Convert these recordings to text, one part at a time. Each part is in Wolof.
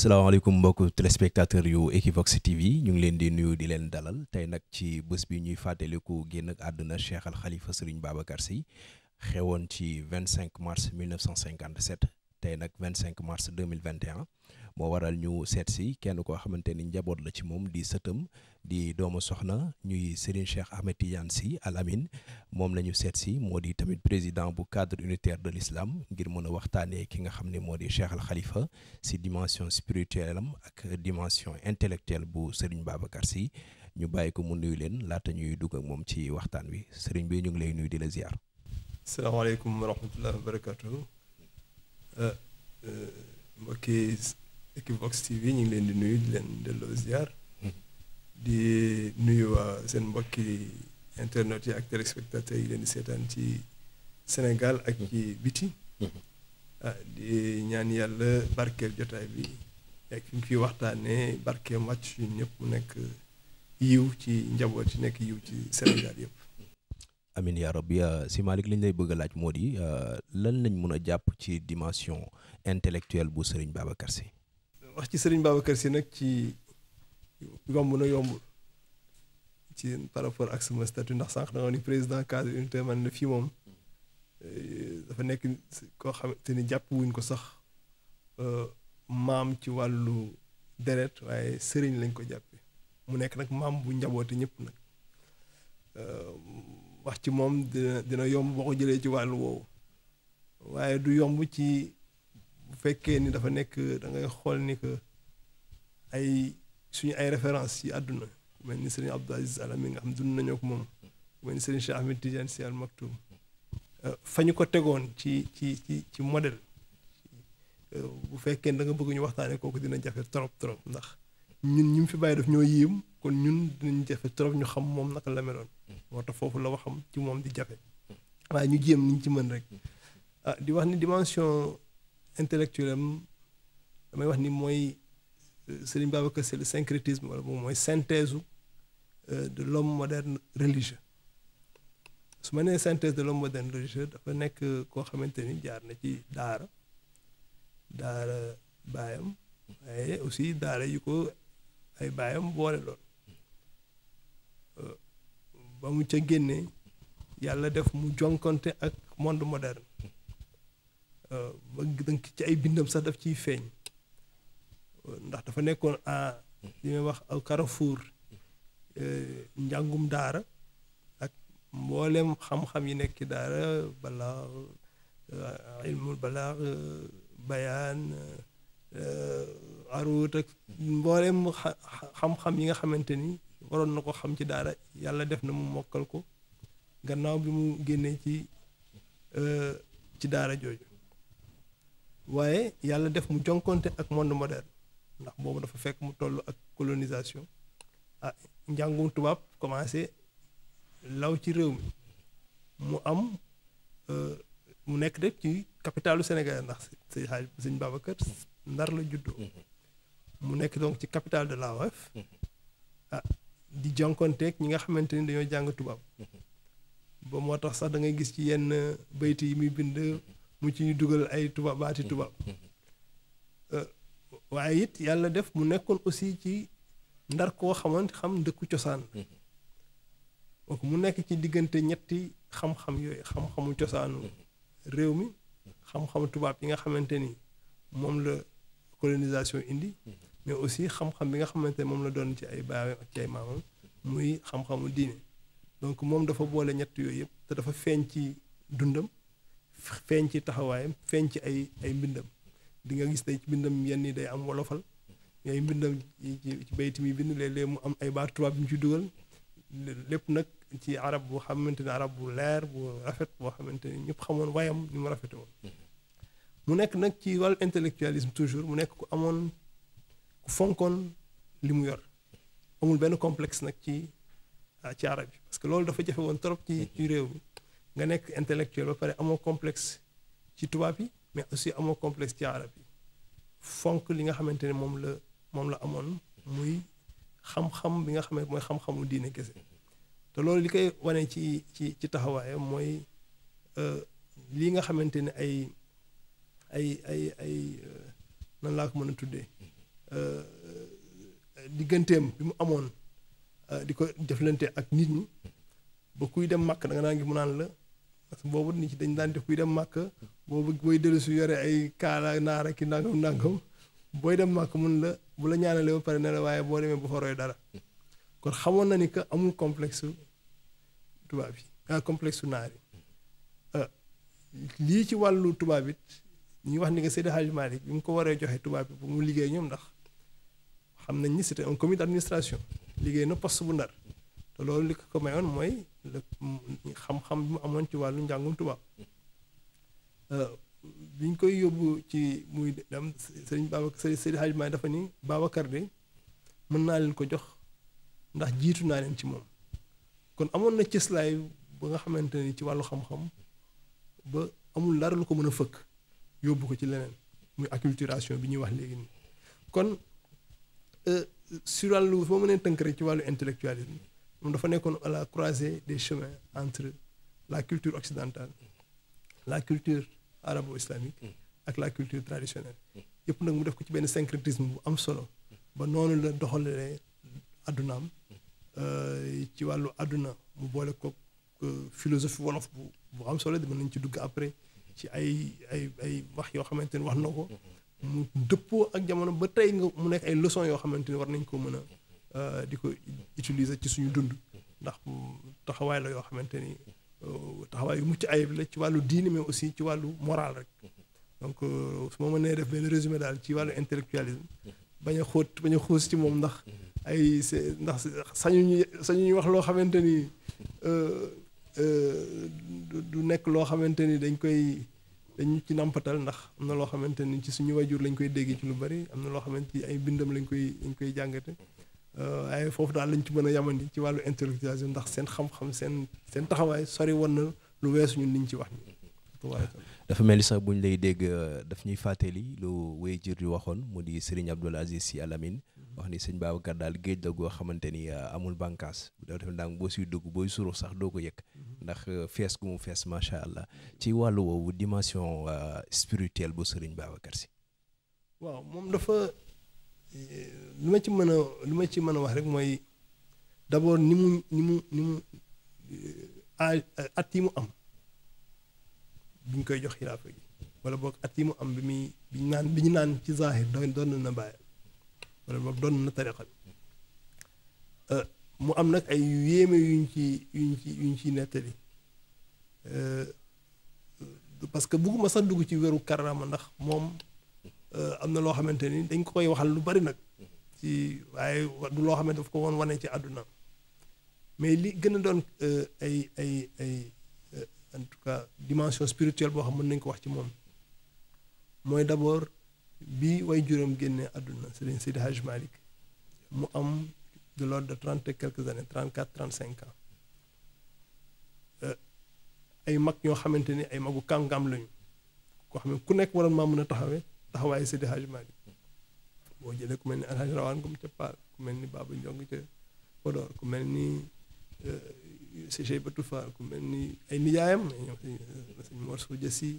salaamaaleykum mbokk téléspectateur yu Equivox TV ñu ngi leen di nuyu di leen dalal tey nag ci bés bi ñuy fàttaliku génn ak àdduna Cheikh Al Khalifa Serigne Babacar Sy xewoon ci 25 mars 1957 tey nag 25 mars 2021 moo waral ñu seet si kenn koo xamante ni njaboot la ci moom di sëtam di doomu soxna ñuy Serigne Cheikh Ahmed Tidiane Sy Al Amine moom la ñu seet si moo di tamit président bu cadre unitaire de l'islam ngir mën a waxtaanee ki nga xam ne moo di Cheikh Al Khalifa si dimension spirituelle am ak dimension intellectuelle bu Serigne Babacar si ñu bàyyi ko mu nuyu leen laata ñuy dugg ak moom ci waxtaan wi Serigne bi ñu ngi lay nuyu di la ziar. salaamaaleykum wa rahmatulah wa Equivox TV ñu ngi leen di nuyu di leen delloo ziar. di nuyu waa seen mbokki internet yi ak téléspectateurs yi leen di seetaan ci Sénégal ak ci biti. Ah, di ñaan yàlla barkeel jotaay bi ak fi ñu fiy waxtaanee barkeel match yu ñëpp mu nekk yiw ci njaboot yi nekk yiw ci Sénégal yëpp. amin yaa rabbi ah, si Malick li ñu lay bëgg a laaj moo di ah, lan lañ mën a jàpp ci dimension intellectuelle bu Serigne Babacar Sy. wax ci sëriñ kër si nag ci yomb na yombul ci par rapport ak sama statut ndax sànq da ni président cadre unité man na fii moom euh, dafa nekk koo xamante ni jàpp wuñ ko sax euh, maam ci wàllu deret waaye sëriñ lañ ko jàppe mu nekk nag maam bu njaboote ñëpp nag euh, wax ci moom dina yomb boo ko jëlee ci wàllu woowu waaye du yomb ci bu fekkee ni dafa nekk da ngay xool ni que ay suñu ay référence ci àdduna ku mel ni Serigne Abdou Aziz Al Amine nga xam dund nañoo ko moom ku mel ni Serigne Cheikh Ahmed Tidiane Sy euh, ci ci ci ci modèle euh, bu fekkee da nga bëgg ñu waxtaanee kooku dina jafe trop trop ndax ñun ñi fi bàyyi daf ñoo yéem kon ñun dinañ jafe trop ñu xam moom naka la meloon moo tax foofu la waxam ci moom di jafe waaye ñu jéem niñ ci mën rek ah, di wax ni dimension intellectuel am damay wax ni mooy euh, Serigne Babacar c'est le syncrétisme wala moom mooy synthèse euh, de l'homme moderne religieux su ma nee synthèse de l'homme moderne religieux dafa nekk koo xamante ni jaar na ci daara daara baayam waaye aussi daara yu ko ay baayam boole lool euh, ba mu ca génnee yàlla def mu jonkonte ak monde moderne ci ay bindam sax daf ciy feeñ ndax dafa nekkoon a li may wax aw carrefour eh, njàngum daara ak mboolem xam-xam yi nekk ci daara balaa eh, ilmul balaa eh, bayaan aruut ak yi nga xamante ni waroon na ko xam ci daara yàlla def na mu mokkal ko gannaaw bi mu génnee ci ci daara jooju waaye yàlla def mu jonkonte ak monde moderne ndax boobu dafa fekk mu toll ak colonisation ah njàngum tubaab commencé law ci réew mi mu am euh, mu nekk rek ci capitalu Sénégal ndax sëñ xaaj sëñ Ndar la juddoo mm-hmm. mu nekk donc ci capital de la mm-hmm. ah di jonkonteeg ñi nga xamante ni dañoo jàng tubaab mm-hmm. ba moo tax sax dangay gis ci yenn bayti yi muy bind mu ci dugal ay tubaab baati tubaab mm-hmm. euh, waaye it yàlla def mu nekkoon aussi ci ndar koo xamante xam dëkku cosaan mm-hmm. donc mu nekk ci diggante ñetti xam-xam yooyu xam-xamu cosaanu mm-hmm. réew mi xam-xamu tubaab yi nga xamante ni moom la colonisation indi mais aussi xam bi nga xamante ne moom la doon ci ay baawam ak ci ay maamam muy xam-xamu diine donc moom dafa boole ñett yooyu yëpp te dafa feeñ ci dundam feeñ ci taxawaayam feeñ ci ay ay mbindam di nga gis tey ci mbindam yenn yi day am wolofal ay mbindam ci bayti mi bind léeg-léeg mu am ay baat tubaab yu mu ci dugal lépp nag ci arab boo xamante ne arab bu leer bu rafet boo xamante ne ñëpp xamoon wayam ni mu rafete woon mu nekk nag ci wàllu intellectualisme toujours mu nekk ku amoon ku fonkoon li mu yor amul benn complexe nag ci ci arab yi parce que loolu dafa jafe woon trop ci ci réew mi nga nekk intellectuel ba pare amoo complex ci tubaab yi mais aussi amoo complexe ci arab yi fonk li nga xamante ne moom la moom la amoon muy xam-xam bi nga xam mooy xam-xamu diine kese te loolu li koy wane ci ci ci taxawaayam mooy euh, lii nga xamante ne ay ay ay ay euh, nan laa ko mën a tuddee euh, digganteem bi mu amoon di ko jëflante ak nit ñi ba kuy dem màkk da nga ngi mun mu naan la parce que boobu nit ñi dañ daan def kuy dem màkk boobu booy dellu si yore ay kaala naara ki nangam nangam booy dem màkk mun la bu la ñaanalee ba pare ne la waaye boo demee bu fa roy dara kon xamoon na ni que amul complexe tubaab yi ah complexe naar yi ah, lii ci wàllu tubaab it ñu wax ni que Seydi Hadji Malick bi mu ko waree joxe tubaab bi bu mu liggéey ñoom ndax xam nañ ni c'était un comité d'administration liggéey na poste bu ndar loolu li ko mayoon mooy xam-xam bi mu amoon ci wàllu njàngum tubaab euh, biñ koy yóbbu ci muy dem sëriñ Babacar sëriñ Hadj Maay dafa ni Babacar de mën naa leen ko jox ndax jiitu naa leen ci moom kon amoon na cëslaay ba nga xamante ni ci wàllu xam-xam ba amul dara lu ko mën a fëkk yóbbu ko ci leneen muy acculturation bi ñuy wax léegi nii kon euh, sur wàllu foo mënee tënk rek ci wàllu intellectualisme moom dafa nekkoon à la croisée des chemins entre la culture occidentale la culture arabo-islamique ak la culture traditionnelle yëpp nag mu def ko ci benn syncrétisme bu am solo ba noonu la doxalee addunaam euh, ci wàllu àdduna mu boole ko euh, philosophie wolof bu bu am solo mën nañ ci dugg après ci ay ay ay wax yoo xamante ni wax na ko mu dëppoo ak jamono ba tey nga mu nekk ay leçons yoo xamante ni war nañ ko mën a Euh, di ko utiliser ci suñu dund ndax taxawaay la yoo xamante ni euh, taxawaay yu mucc ayib la ci wàllu diini mais aussi ci wàllu moral rek donc euh, su ma mënee def benn résumé daal ci wàllu intellectualisme bañ a xóot bañ a ci moom ndax ay ndax ñu sañuñu wax loo xamante ni du nekk loo xamante ni dañ koy dañ ci nàmpatal ndax am na loo xamante ni ci suñu wajur lañ koy déggee ci lu bari am na loo xamante ni ay bindam lañ koy lañ koy jàngate waaye euh, foofu daal lañ ci mën a yamandi ci wàllu intellectualisation ndax seen xam-xam seen seen taxawaay sori woon na lu weesu ñun liñ ci wax. dafa mel ni sax buñ lay dégg euh, daf ñuy fàttali lu wéy jër di waxoon mu di Serigne Abdoul Aziz Sy Al wax ni sëñ Babacar daal géej la goo xamante ni euh, amul bànqaas dafa def ndànk boo siy dugg booy suru sax doo ko yëg ndax fees gu mu fees macha allah ci wàllu woowu dimension spirituelle bu Serigne Babacar Sy. waaw moom dafa. lu ma ci mën a li ma ci mën a wax rek mooy d'abord ni mu ni mu ni mu euh, euh, at yi mu am biñ koy jox xilaafa gi wala boog at mu am bi muy bi ñu naan bi ñu naan ci doo doon na bàyyam wala boog doon na tariqa bi euh, mu am nag ay yéeme yuñ ci yuñ ci yuñ ci nettali parce que bugguma sax dugg ci wéru karama ndax moom Euh, am na loo xamante ni dañ ko koy waxal lu bari nag ci waaye du loo xamante daf ko won wane ci àdduna mais li gën a doon euh, ay ay ay euh, en tout cas dimension spirituelle boo xam mën nañ ko wax ci moom mooy d'abord bi way juróom génne àdduna Sëriñ Seydi Hadj Malick mu am de l'ordre de trente et quelques années trente quatre trente cinq ans ay mag ñoo xamante ni ay magu kàngam lañu koo xam ne ku nekk waroon maa mën a taxawee taxawaayu Seydi Hadj Malick boo jëlee ku mel ni Alhaji Rawaan Ngom ca Paal ku mel ni Baba Ndiong ca Podor ku mel ni eh, Cheikh Batou ku mel ni ay nijaayam ñoom eh, sëñ Mor Sodia Sy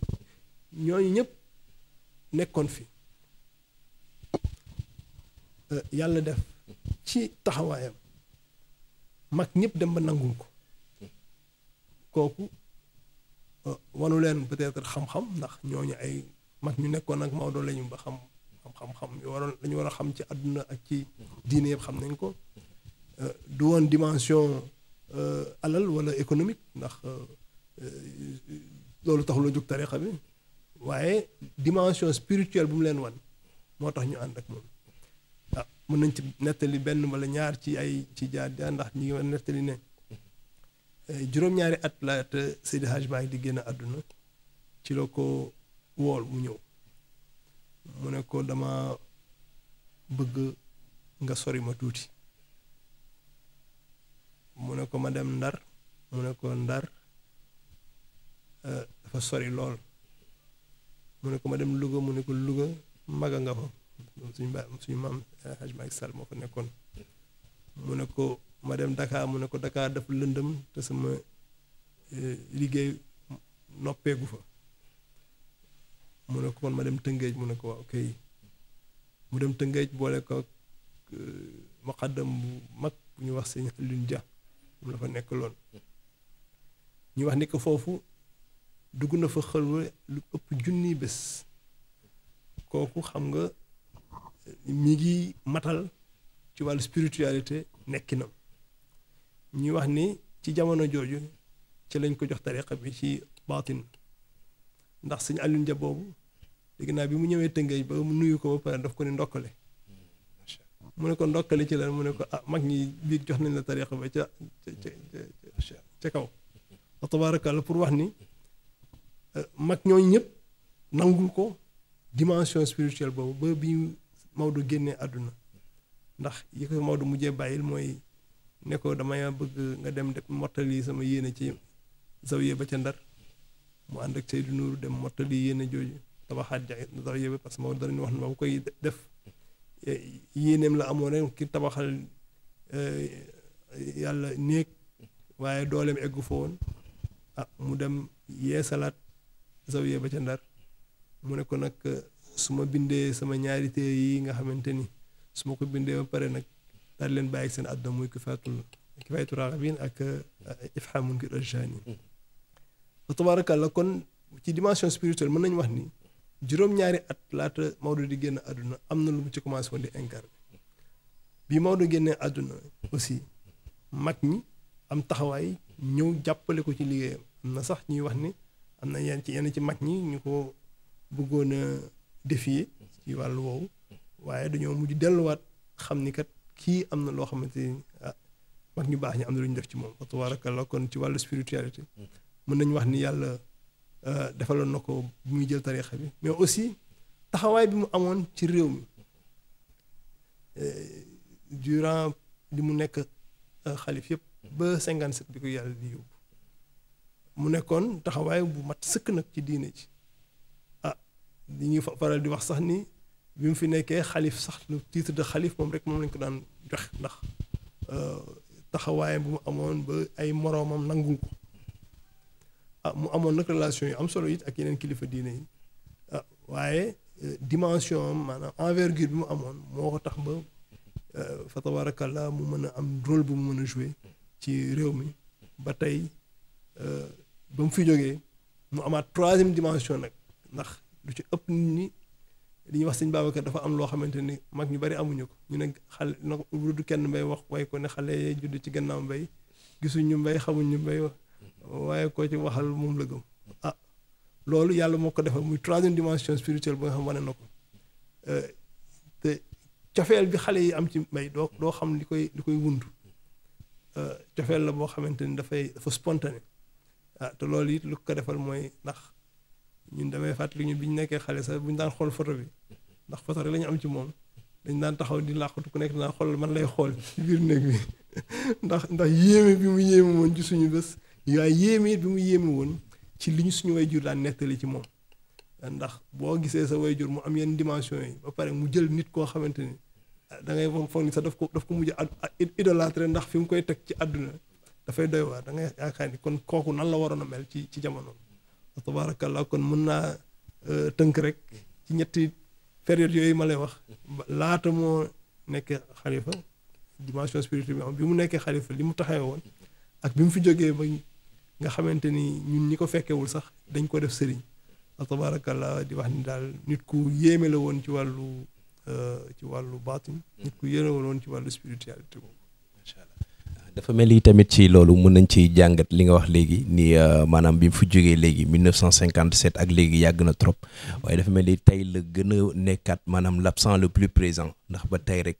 ñooñu ñëpp nekkoon fi eh, yàlla def ci taxawaayam mag ñëpp dem ba nangul ko kooku wanu leen peut-être xam-xam ndax ñooñu ay mag ñu nekkoon ak Maodo lañu ba xam xam-xam yu waroon lañu war a xam ci àdduna ak ci diine yëpp xam nañ ko euh, du woon dimension euh, alal wala économique ndax euh, loolu taxul a jóg tarixa bi waaye dimension spirituelle bu mu leen wan moo tax ñu ànd ak moom ah mën nañ ci nettali benn wala ñaar ci ay ci jaar jaar ndax ñu ngi nettali ne juróom-ñaari at laata Seydi Hajj Maalik di génn àdduna ci la ko wool mu ñëw mu ne ko dama bëgg nga sori ma tuuti mu ne ko ma dem ndar mu ne ko ndar eh, dafa sori lool mu ne ko ma dem Louga mu ne ko Louga maga nga fa suñu ba suñu maam eh, Hadj Malick moo fa nekkoon mu ne ko ma dem Dakar mu ne ko dakaar dafa lëndëm te sama eh, liggéey noppeegu fa mu ne ko ma dem tëngeej mu ne ko waaw kay mu dem tëngeej boole ko euh, muqaddam bu mag bu ñu wax sëñ Alioune Dia mu la fa nekk lool ñu wax ni ko foofu dugg na fa xalwa lu ëpp junni bés kooku xam nga euh, mi ngi matal ci wàllu spiritualité nekkinam ñuy wax ni ci jamono jooju ci lañ ko jox tariqa bi ci baatin ndax sëñ Alioune Dia boobu léegi naa bi mu ñëwee tëngéej ba mu nuyu ko ba pare daf ko ni ndokkale mu ne ko ndokkale ci lan mu ne ko ah mag ñi biir jox nañ la tariqa ba ca ca kaw wa pour wax ni euh, mag ñooñu ñëpp nangul ko dimension spirituelle boobu ba bi Maodo génnee àdduna ndax yi ko Maodo mujjee bàyyil mooy ne ko damay bëgg nga dem def mottali sama yéene ci zawiya ba ca ndar mu ànd ak Seydou Nourou dem mottali yéene jooju tabaxaat nadawiya bi parce que moom dañu wax ne ba mu koy def eh, yéeneem la amoon rek ki tabaxal eh, yàlla néeg waaye dooleem eggu fa woon ah mu dem yeesalaat zawiya ba ca ndar mu ne ko nag su ma bindee sama ñaari téere yi nga xamante ni su ma ko bindee ba pare nag daal leen bàyyi seen àdduna muy kifaatul kifaayatul raxabin ak eh, ifhaamun kir aljaani fa tabarakallah kon ci dimension spirituelle mën nañu wax ni juróom-ñaari at laata Maodo di génn àdduna am na lu mu ci commencé woon di incarné bi Maodo génnee àdduna aussi mag ñi am taxawaay ñëw jàppale ko ci liggéeyam am na sax ñuy wax ni am na yenn ci yenn ci mag ñi ñu ko bëggoon a défier ci wàllu woowu waaye dañoo mujj delluwaat xam ni kat kii am na loo xamante ni ah, mag ñu baax ñi am na lu ñu def ci moom. waaw tabaaraka la kon ci wàllu spiritualité. mën nañu wax ni yàlla. Euh, defaloon na ko bu muy jël tariixa bi mais aussi taxawaay bi mu amoon ci réew mi euh, durant li mu nekk euh, xalif yëpp ba cinquante sept bi mu nekkoon taxawaay bu mat sëkk nag ci diine ci ah li ñuy faral di wax sax ni bi mu fi nekkee xalif sax le titre de xalif moom rek moom lañ ko daan joxe ndax taxawaayam bu mu amoon ba ay moroomam nangul ko ah mu amoon nag relation yu am solo yit ak yeneen kilifa diine yi ah waaye eh, dimension am maanaam envergure bi mu amoon moo ko tax ba eh, fa tabarakallah mu mën a am rôle bu mu mën a jouer ci réew mi ba tey eh, ba mu fi jógee mu amaat troisième dimension nag ndax lu ci ëpp nit ñi li ñu wax sëñ Babacar dafa am loo xamante ni mag ñu bari amuñu ko ñu ne xale na ko kenn mbay wax way ko ne xale yee judd ci gannaaw mbay gisuñu mbay xamuñu mbay wax waaye koo ci waxal moom la gëm ah loolu yàlla moo ko defal muy troisième dimension spirituelle boo nga xam wane na ko eh, te cofeel bi xale yi am ci may doo doo xam li koy li koy wund eh, cofeel la boo xamante ni dafay dafa spontané ah, te loolu it lu ko defal mooy ndax ñun damay fàttali ñun bi ñu nekkee xale sax bu ñu daan xool photo bi ndax photo rek la am ci moom dañ daan taxaw di làqatu ko nekk dinaa xool man lay xool ci biir néeg bi ndax ndax yéeme bi mu yéeme woon ci suñu bés yaay yéeme bi mu yéeme woon ci li ñu suñu way jur daan nettali ci moom ndax boo gisee sa way jur mu am yenn dimension yi ba pare mu jël nit koo xamante ni da ngay foog ni sax daf ko daf ko mujj idolâtre ndax fi mu koy teg ci àdduna dafay doy da ngay yaakaar kon kooku nan la waroon a mel ci ci jamono tabaarakallah kon mën naa euh, tënk rek ci ñetti période yooyu ma lay wax laata moo nekkee xalifa dimension spirituelle bi bi mu nekkee xalifa li mu taxawee woon ak bi mu fi jógee nga xamante ni ñun ñi ko fekkewul sax dañ ko def sëriñ wa tabarakallah di wax ni daal nit ku yéeme la woon ci wàllu euh, ci wàllu baatin nit ku yéeme la woon ci wàllu spiritualité boobu dafa mel ni tamit ci loolu mun nañ ci jàngat li nga wax léegi ni euh, maanaam bi mu fi jógee léegi 1957 ak léegi yàgg na trop waaye dafa mel ni tey la gën a nekkaat maanaam l'absent le plus présent ndax ba tey rek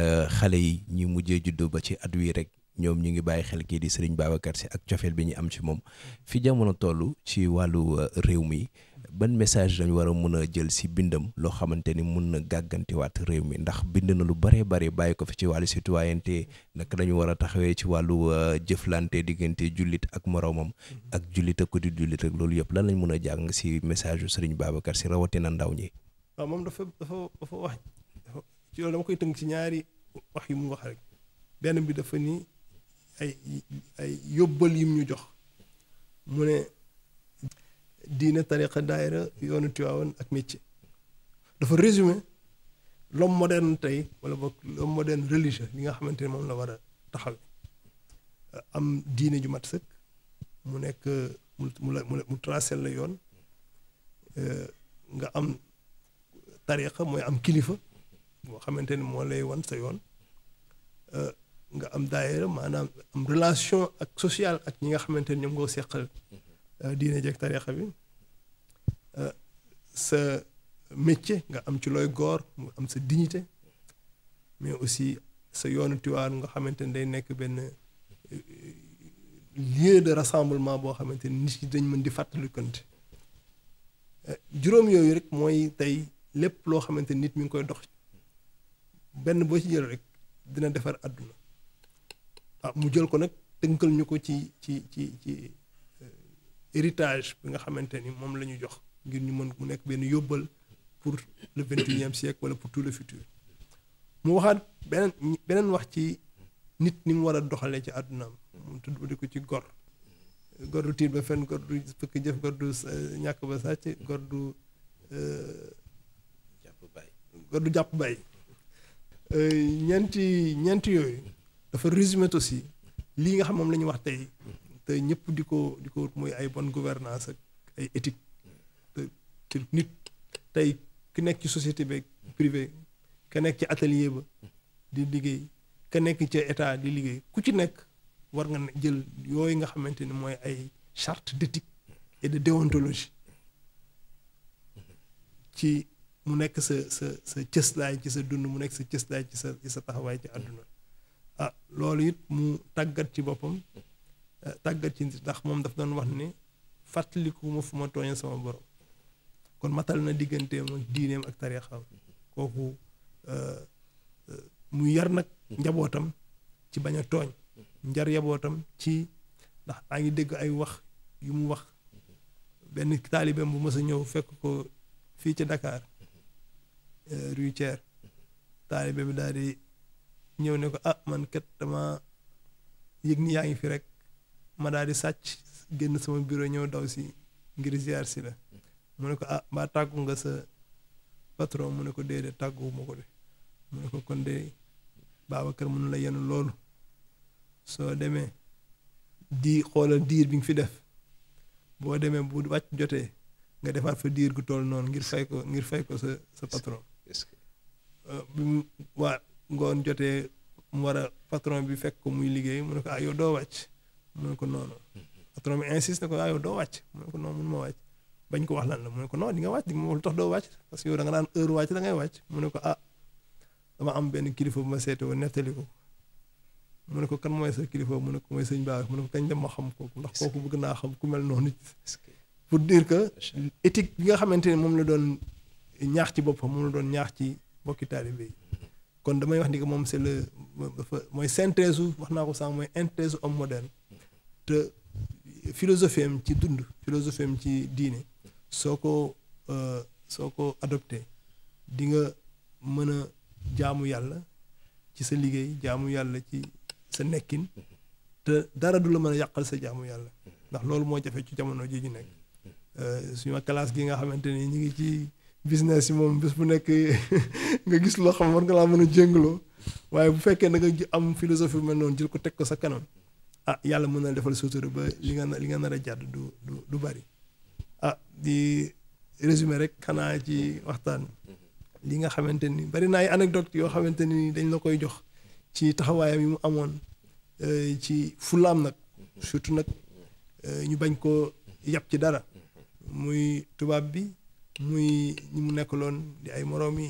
euh, xale yi ñu mujjee juddoo ba ci at wi rek ñoom ñu ngi bàyyi xel kii di Serigne Babacar Sy ak cofeel bi ñu am ci moom fi jamono toll ci wàllu euh, réew mi ban message lañ war a mën a jël si bindam loo xamante ni mun na gàggantiwaat réew mi ndax bind na lu bare bare bàyyi ko fi ci wàllu citoyenneté naka lañu war a taxawee ci wàllu euh, jëflante diggante jullit ak moroomam ak jullit ak ko di jullit ak loolu yëpp lan lañ mën a jàng si message yu Serigne Babacar Sy rawatina ndaw ñi. waaw moom dafa dafa dafa wax ci loolu ci ñaari wax yu mu wax rek ay ay yóbbal yim ñu jox mu ne diine tariqa daayira yoonu Tiwaawan ak métier dafa résumé l'homme moderne tey wala boog l'homme moderne religieux li nga xamante ni moom la war a taxaw am diine ju mat sëkk mu nekk mu mu mu tracé la yoon euh, nga am tariqa mooy am kilifa boo xamante ne moo lay wan sa yoon euh, nga am daayira maanaam am relation ak sociale ak ñi nga xamante ni ñoom ngoo seqal mm-hmm. euh, diine jeeg tarixa bi euh, sa métier nga am ci looy góor mu am sa dignité mais aussi sa yoonu tiwaan nga xamante ni day nekk benn euh, lieu de rassemblement boo xamante ni nit ñi dañ mën di fàttalikante juróom yooyu rek mooy tey lépp loo xamante ni nit mi ngi koy dox benn boo ci jël rek dina defar àdduna ah mu jël ko nag tënkal ñu ko ci ci ci ci euh, héritage bi nga xamante ni moom la jox ngir ñu mën mu nekk benn yóbbal pour le vingt et unième siècle wala pour tout le futur mu waxaat beneen beneen wax ci nit ni mu war a doxalee ci àddunaam mu tudd ko ci gor gor du tiit ba fenn gor du fëkk jëf gor du euh, ñàkk ba sàcc gor du gor euh, du jàpp bay ñeenti ñeenti yooyu dafa résumé aussi lii nga xam moom la ñu wax tey te ñëpp di ko di ko mooy ay bonne gouvernance ak ay éthique te nit tey ki nekk ci société beeg privé ka nekk ci atelier ba di liggéey ka nekk ci état di liggéey ku ci nekk war nga jël yooyu nga xamante ni mooy ay charte d'éthique et de déontologie ci mu nekk sa sa sa cëslaay ci sa dund mu nekk sa cëslaay ci sa ci sa taxawaay ci àdduna ah loolu it mu tàggat ci boppam eh, tàggat ci nit ndax moom daf doon wax ni fàttaliku ma fu ma tooñee sama borom kon matal na digganteem diineem ak tarixam kooku eh, eh, mu yar nag njabootam ci bañ a tooñ njar yabootam ci ndax maa ngi dégg ay wax yu mu wax benn taalibeem bu mës a ñëw fekk ko fii ci dakaar rue Thiers bi daal di ñëw ne ko ah man kat dama yëg ni yaa ngi fi rek ma daal di sàcc génn sama bureau ñëw daw si ngir ziar si la mu ne ko ah mbaa tàggu nga sa patron mu ne ko déedéet tàgguwuma ko de mu ne ko kon de Babacar mun la yenu loolu soo demee di xoolal diir bi nga fi def boo demee bu wàcc jotee nga defaat fa diir gu toll noonu ngir fay ko ngir fay ko sa sa patron. Euh, waa ngoon jotee mu war a patron bi fekk ko muy liggéey mu ne ko ah yow doo wàcc mu ne ko noonu patron ko ah yow wàcc ko noonu mun ma wàcc bañ ko wax lan la mu ne ko non di nga wàcc di nga wax lu tax doo wàcc parce que yow da nga daan heure wàcc da ngay ne ko ah am benn kilifa bu ma seete woon nettali ko mu ne ko kan mooy sa kilifa mu ne mooy sëñ Ba mu ne kañ dem ma xam kooku ndax kooku bëgg naa xam ku mel noonu pour dire que étique bi nga xamante ne moom la doon ñaax ci boppam moom la doon ñaax ci bokki taalibe yi kon damay wax ni que moom c'est le mooy synthèse su wax naa ko sànq mooy synthèse om moderne te philosophie ci dund philosophie am ci diine soo ko euh, soo ko adopté di nga mën a jaamu yàlla ci sa liggéey jaamu yàlla ci sa nekkin te dara du la mën a yàqal sa jaamu yàlla ndax loolu moo jafe ci jamono ji ñu nekk euh, suñu classe gi nga xamante ni ñu ngi ci business yi moom bés bu nekk nga gis loo xam war nga laa mën a jéngaloo waaye bu fekkee da nga am philosophie bu mel noonu jël ko teg ko sa kanam ah yàlla mën na defal sutura ba li nga li nga nar a jàdd du du du bari ah di résumé rek xanaa ci waxtaan li nga xamante ni bari na ay anecdote yoo xamante ni dañ la koy jox ci taxawaayam yi mu amoon euh, ci fulaam nag surtout nag euh, ñu bañ ko yàpp ci dara muy tubaab bi muy ñi mu nekkaloon di ay moroomi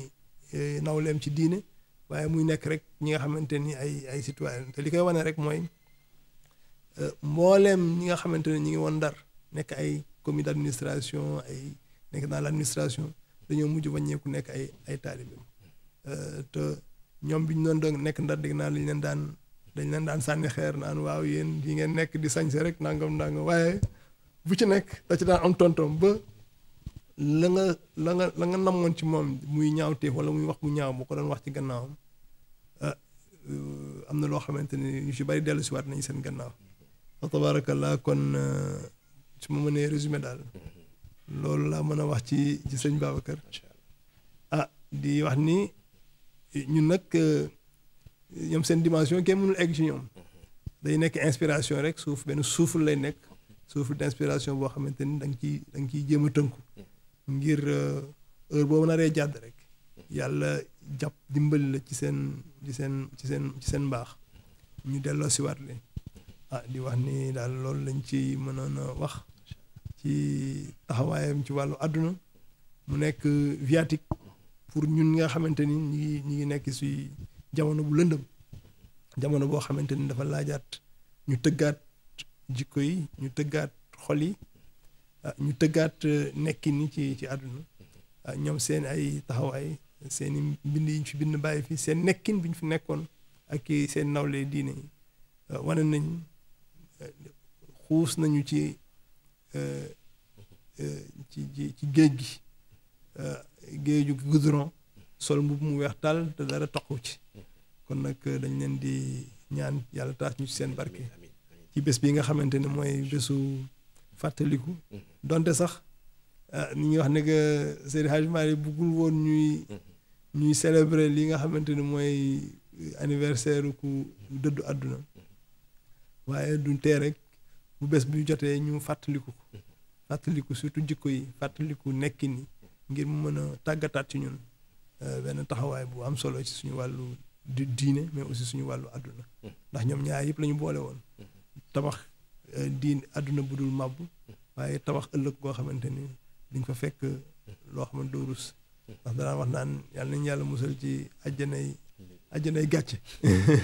Eh, nawleem ci diine waaye muy nekk rek ñi nga xamante ni ay ay citoyen te li koy wane rek mooy eh, mbooleem ñi nga xamante ne ñi ngi woon Ndar nekk ay comité d'administration ay nekk dans l'administration dañoo mujj wàññeeku nekk ay ay taalibe eh, ñoom bi ñu doon nekk Ndar dégg naa lañu leen daan dañ leen daan sànni xeer naan waaw yéen yi ngeen nekk di sañse rek nangam nangam waaye bu ci nekk da ci daan am tontom ba la nga la nga la nga namoon ci moom muy ñaawteef wala muy wax bu ñaaw boo ko doon wax ci gannaawam ah, euh, am na loo xamante ni ñu ci bari dellu si waat nañu seen gannaaw fa laa kon euh, su ma mënee résumé daal loolu laa mën a wax ci ci sëñ Babacar ah di wax ni ñun nag euh, ñoom seen dimension kenn mënul egg ci ñoom day nekk inspiration rek suuf benn suuful lay nekk suuf suuful d'inspiration boo xamante ni da nga ciy da nga jéem a tënku ngir euh, heure boobu naree jàdd rek yàlla jàpp dimbali la ci seen ci seen ci seen ci seen mbaax ñu delloo siwaat leen ah di wax ni daal loolu lañ ci mënoon wax ci taxawaayam ci wàllu àdduna mu nekk viatique pour ñun nga xamante ni ñi ngi ngi nekk si jamono bu lëndëm jamono boo xamante ni dafa laajaat ñu tëggaat jikko yi ñu tëggaat xol yi ñu tëggaat euh, nekkin ni ci ci àdduna ah, ñoom seen ay taxawaay seeni i mbind yi ñu fi bind bàyyi fi seen nekkin bi ñu fi nekkoon ak seen nawle diine yi ah, wane nañ euh, xuus nañu euh, ci ci ci géej gi ah, géeju goudron sol mbubb mu weex tàll te dara taxu ci kon nag dañ leen di ñaan yàlla taas ñu ci seen barke ci bés bi nga xamante ne mooy bésu fàttaliku. Mm-hmm. donte sax ah, ni ñuy wax ne que Seydi yi Malick buggul woon ñuy. Mm-hmm. ñuy célébrer li nga xamante ni mooy anniversaire ku dëddu àdduna. Mm-hmm. waaye du tee rek bu bés bu jotee ñu fàttaliku ko. fàttaliku surtout jikko yi fàttaliku nekkin ni ngir mu mën a tàggataat ci ñun. Eh, benn taxawaay bu am solo ci suñu wàllu di diine mais aussi suñu wàllu àdduna. ndax ñoom ñaar yëpp la boole woon. tabax Euh, diin àdduna bu dul màbb waaye tabax ëllëg goo xamante ni di nga fa fekk loo xamante doo rus ndax danaa wax naan yàlla nañu yàlla musal ci àjjanay àjjanay gàcce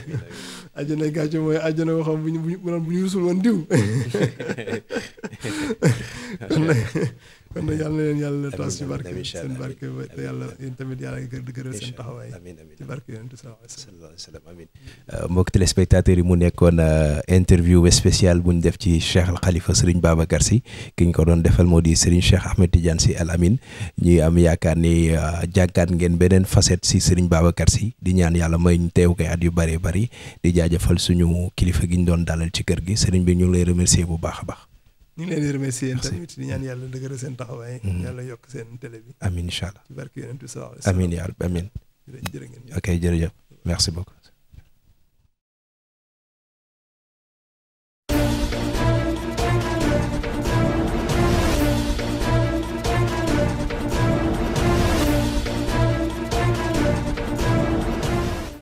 àjjanay gàcce mooy àjjana boo xam bu ñu bu ñu rusul woon diw kon nag yàlla taxawaay ci barke yonent bi sallallahu alayhi euh, yi mu nekkoon euh, interview spéciale bu ñu def ci Cheikh Al Khalifa Serigne Babacar Sy ki ñu ko doon defal moo di Serigne Cheikh Ahmed Tidiane si Al Amin ñuy am yaakaar ni euh, jànkaat ngeen beneen facette si Serigne Babacar Sy di ñaan yàlla may ñu teew koy at yu bëree bëri di jaajëfal suñu kilifa gi ñu doon dalal ci kër gi Serigne bi ñu lay remercier bu baax a baax ñu ngi leen di remercier yéen tamit di ñaan yàlla dëgëral seen mm-hmm. yokk seen télé bi. amiin incha allah ci barke yonent bi sallallahu alayhi wasallam. amiin yaa rabbi ok jërëjëf merci beaucoup.